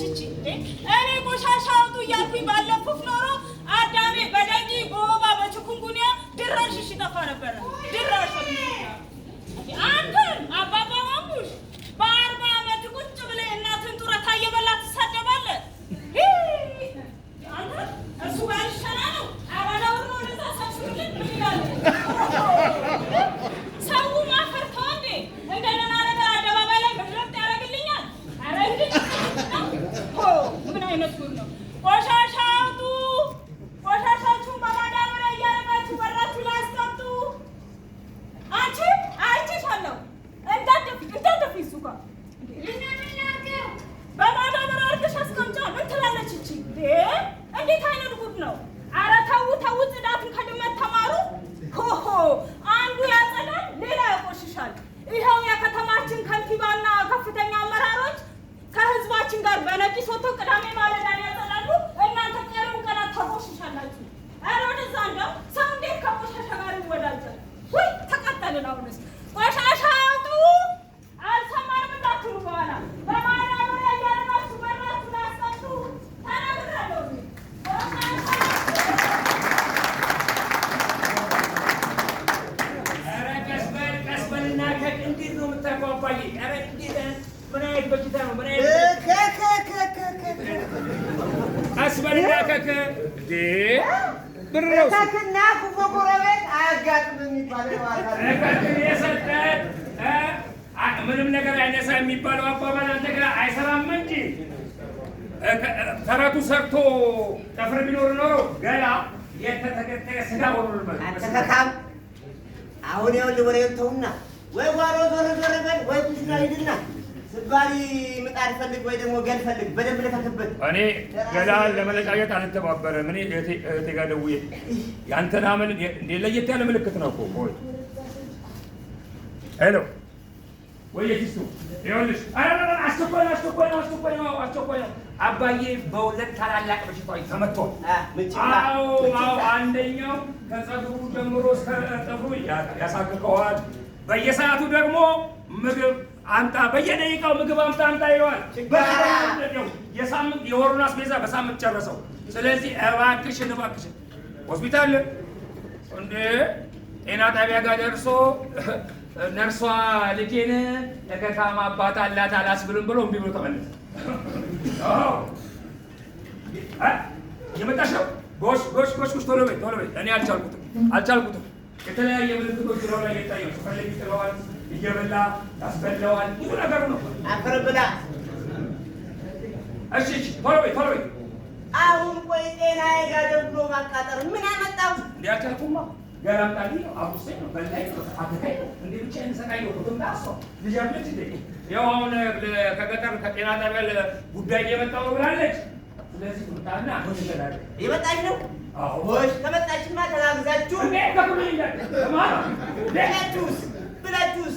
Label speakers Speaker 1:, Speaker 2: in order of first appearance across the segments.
Speaker 1: ነች እቺ። እኔ ቆሻሻ አውጡ እያልኩኝ ባለፉት ኖሮ አዳሜ በደንጊ በወባ በችኩንጉንያ ድራሽሽ ይጠፋ ነበረ ድራ
Speaker 2: ብር ነው።
Speaker 3: እታትና ቁሞ ጎረቤት አያጋጥምም የሚባለው
Speaker 2: ምንም ነገር አይነሳ የሚባለው አባባል አንተ ጋር አይሰራም እንጂ ተረቱ ሰርቶ ጠፍር ቢኖር ኖሮ ገና የተተገጠየ ስጋ ወሮልበት።
Speaker 3: አሁን ያው ልበሬ ተውና ወይ ጓሮ ዞር ዞር በል ወይ ኩሽና ሂድና ስባሪ ምጣድ ፈልግ ወይ ደግሞ ገል ፈልግ። በደንብ ለፈትበት።
Speaker 2: እኔ ገላን ለመለጫየት አልተባበረም። እኔ እህቴ ጋር ደውዬ ያንተን አመል እንደ ለየት ያለ ምልክት ነው እኮ ወይ ሄሎ ወይ የኪሱ ይኸውልሽ፣ አስቸኳይ አስቸኳይ አስቸኳይ ነው አስቸኳይ አባዬ በሁለት ታላላቅ በሽታዎች ተመቷል። አዎ አዎ፣ አንደኛው ከጸጉሩ ጀምሮ እስከ ጠጉሩ ያሳክከዋል። በየሰዓቱ ደግሞ ምግብ አምጣ በየደቂቃው ምግብ አምጣ አምጣ ይለዋል። የሳምንት የወሩን አስቤዛ በሳምንት ጨረሰው። ስለዚህ እባክሽን እባክሽን ሆስፒታል እንደ ጤና ጣቢያ ጋር ደርሶ ነርሷ ልጄን ለከካማ አባት አላት አላስብልም ብሎ እምቢ ብሎ ተመለሰ። የመጣሽ ነው ጎሽ ጎሽ ጎሽ ጎሽ፣ ቶሎ በይ ቶሎ በይ። እኔ አልቻልኩትም አልቻልኩትም። የተለያየ ምልክቶች ሆነ የታየ ፈለጊ ስለዋል እየበላ ታስበላዋል። ብዙ ነገሩ ነው። እሺ፣ እሺ፣ ቶሎ በይ፣ ቶሎ በይ።
Speaker 4: አሁን ቆይ ጤናዬ ጋር ደውሎ ማቃጠር ምን አመጣው?
Speaker 2: ነው ነው በላይ ነው እንዴ ብቻ ነው እንዴ ያው አሁን ከገጠር ከጤና ጣቢያ ጉዳይ እየመጣው ነው ብላለች። ስለዚህ አሁን
Speaker 3: ነው አሁን ከመጣችማ እንዴ
Speaker 2: ከኩሉ ይላል
Speaker 4: ብላችሁስ ብላችሁስ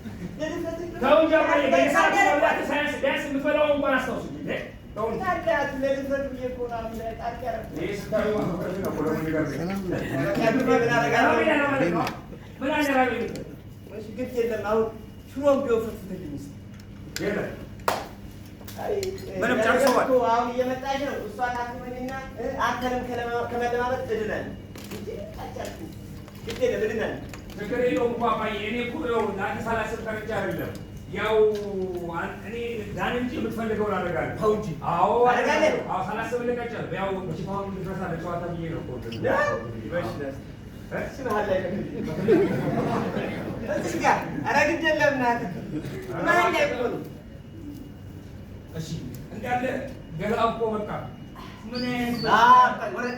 Speaker 2: ተው
Speaker 3: እንጂ ምንም ጨርሰዋል። አሁን እየመጣች ነው እሷ ታክመኝና አተንም ከመለማመጥ እድናል ግዴ ለምድናል
Speaker 2: ችግር የለውም እኮ አባዬ። እኔ እኮ ለአዲስ አላስብ ቀርቼ አይደለም ያው እኔ ዳን እንጂ የምትፈልገውን አደርጋለሁ። ተው እንጂ። አዎ አደርጋለሁ። ሳላስብ ልቀጫለሁ። ያው ጅፋውን ድረስ አለ ጨዋታ ብዬ ነው እኮ እንዳለ ገላ እኮ በቃ ምን
Speaker 3: አይነት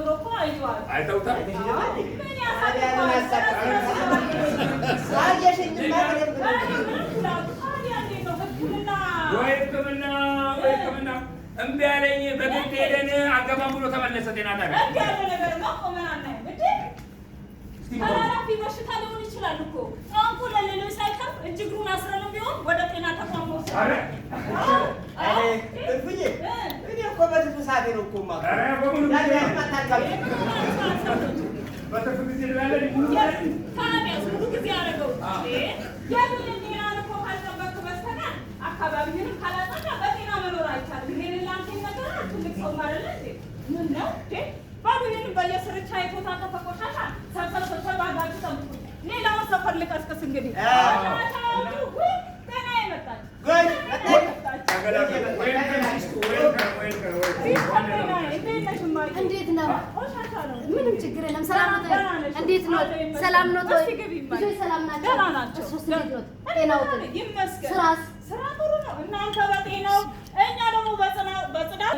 Speaker 2: ህክምና ህክምና እምቢ አለኝ። በግድ ሄደን አገባም ብሎ ተመለሰ። ጤና ታዲያ
Speaker 1: እንዲህ ያለ ነገር ቆመን ተላላፊ በሽታ ሊሆን ይችላል እኮ ጠንቁ ለሌሎች ሳይቀር እጅግሩን አስረንም ቢሆን ወደ ጤና ተቋም
Speaker 3: በትርፍሳቴ ነው እኮ
Speaker 2: በትርፍ ጊዜ
Speaker 1: አካባቢህንም ካላጠና በጤና መኖር አይቻልም። ይሄንን ለአንተ ይነገራል። ትልቅ ሰው ማለለ ምን ነው ባቡኔንም በየስርቻ የተወታተፈ ቆሻሻ ሰብሰብ ሰብሰብ አድርጋችሁ ጠብቁ። ሌላውን ሰፈር ልቀስቅስ እንግዲህ ገና የመጣች ገና
Speaker 2: የመጣች
Speaker 4: እንዴት ነው? ምንም ችግር የለም። እንዴት ነው? ሰላም ነው? ልጆች ሰላም ናቸው? ስራስ?
Speaker 1: ስራ ጥሩ ነው። እናንተ በጤናው እኛ ደግሞ በጽዳት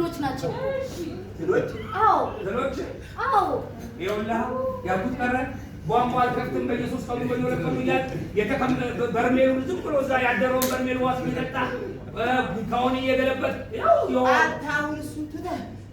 Speaker 4: ትሎች ናቸው። ትሎች? አዎ ትሎች። አዎ
Speaker 2: ይኸውልህ፣ ያልኩት ቀረ። ቧንቧ አልከፍትም በኢየሱስ ቀኑ በየሁለት ቀኑ እያል በርሜሉ ዝም ብሎ እዛ ያደረውን በርሜል ዋስ የሚጠጣ ቡካውን እየገለበት
Speaker 3: ያው አታውርሱ ትተህ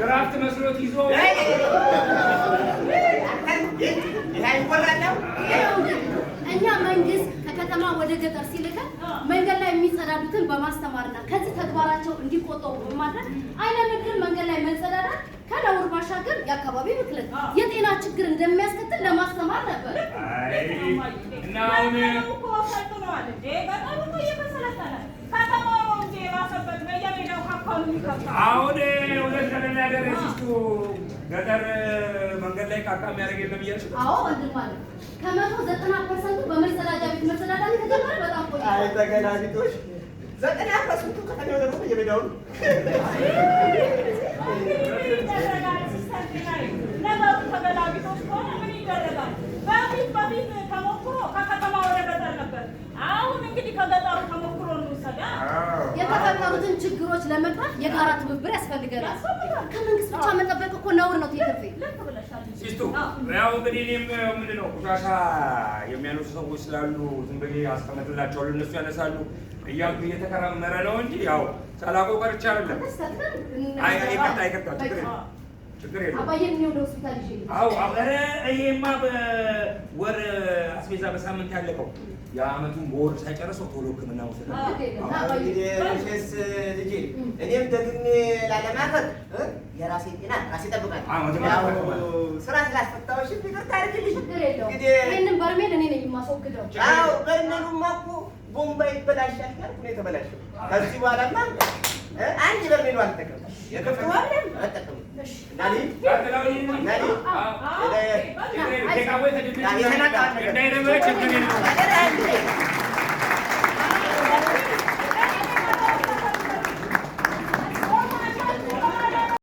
Speaker 2: ድራፍት መስሎት ይዞ
Speaker 4: እኛ መንግስት ከከተማ ወደ ገጠር ሲልከን መንገድ ላይ የሚጸዳዱትን በማስተማርና ከዚህ ተግባራቸው እንዲቆጠቡ በማድረግ አይነ ንግድን መንገድ ላይ መጸዳዳት ከነውር ባሻገር የአካባቢ ብክለት የጤና ችግር እንደሚያስከትል ለማስተማር ነበር
Speaker 2: አሁን ሁለት ነገር እሱ ገጠር መንገድ ላይ ካካ የሚያደርግ የለም እያልሽ
Speaker 4: አዎ ወንድም ከመቶ ዘጠና ፐርሰንቱ በመጸዳጃ ቤት መጸዳዳት በጣም ቆይ
Speaker 3: አይ ተገናኝቶሽ ዘጠና ፐርሰንቱ ከተኔ ወደ ነው የሜዳውን
Speaker 4: ለመግባት የጋራ ትብብር ያስፈልገናል። ከመንግስት ብቻ መጠበቅ እኮ ነውር ነው። ትይተፍ
Speaker 2: ሲስቱ ያው እንግዲህ እኔም ምንድን ነው ቆሻሻ የሚያነሱ ሰዎች ስላሉ ዝም ብዬ አስቀምጥላቸዋለሁ እነሱ ያነሳሉ እያልኩ እየተከራመረ ነው እንጂ ያው ሰላቆ ቀርቻ አይደለም። ይቅርታ ይቅርታ፣ ችግር የለም ችግር ይሄማ በወር አስቤዛ በሳምንት ያለቀው የአመቱን በወር ሳይጨርሰው ቶሎ ሕክምና ወስድ።
Speaker 3: እኔም ደግሜ ላለማፈር የራሴ ጤና ራሴ
Speaker 2: እጠብቃለሁ።
Speaker 3: ስራ ስላስፈታሁሽ ይቅርታ አድርግልሽ።
Speaker 4: ማስወግዳቸው።
Speaker 3: አዎ በርሜሉማ እኮ ቦምባ ይበላሻል ካልኩ ነው የተበላሸው። ከዚህ በኋላ አንድ በርሜሉ አልጠቀምም።